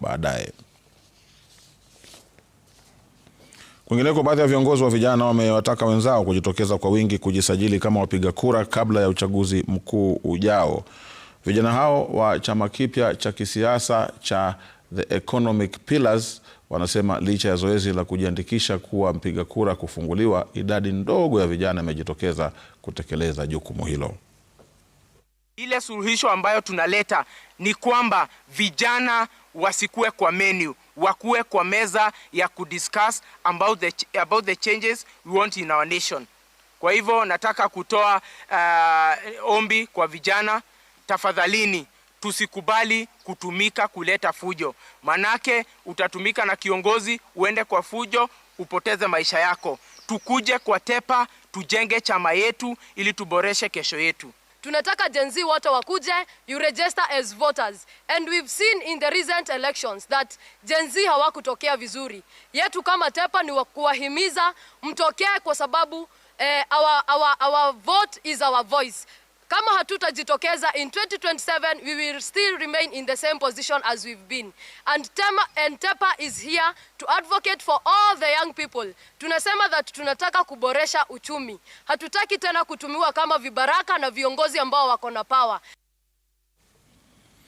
baadaye. Kwingineko, baadhi ya viongozi wa vijana wamewataka wenzao kujitokeza kwa wingi kujisajili kama wapiga kura kabla ya uchaguzi mkuu ujao. Vijana hao wa chama kipya cha kisiasa cha The Economic Pillars wanasema licha ya zoezi la kujiandikisha kuwa mpiga kura kufunguliwa, idadi ndogo ya vijana imejitokeza kutekeleza jukumu hilo. Ile suluhisho ambayo tunaleta ni kwamba vijana wasikuwe kwa menu, wakuwe kwa meza ya kudiscuss about the, about the changes we want in our nation. Kwa hivyo nataka kutoa uh, ombi kwa vijana, tafadhalini tusikubali kutumika kuleta fujo, manake utatumika na kiongozi uende kwa fujo upoteze maisha yako. Tukuje kwa tepa, tujenge chama yetu ili tuboreshe kesho yetu tunataka Gen Z wote wakuje you register as voters and we've seen in the recent elections that Gen Z hawakutokea vizuri. Yetu kama Tepa ni kuwahimiza mtokee, kwa sababu eh, our, our, our vote is our voice. Kama hatutajitokeza in 2027 we will still remain in the same position as we've been. And Tema, and Tepa is here to advocate for all the young people. Tunasema that tunataka kuboresha uchumi. Hatutaki tena kutumiwa kama vibaraka na viongozi ambao wako na power.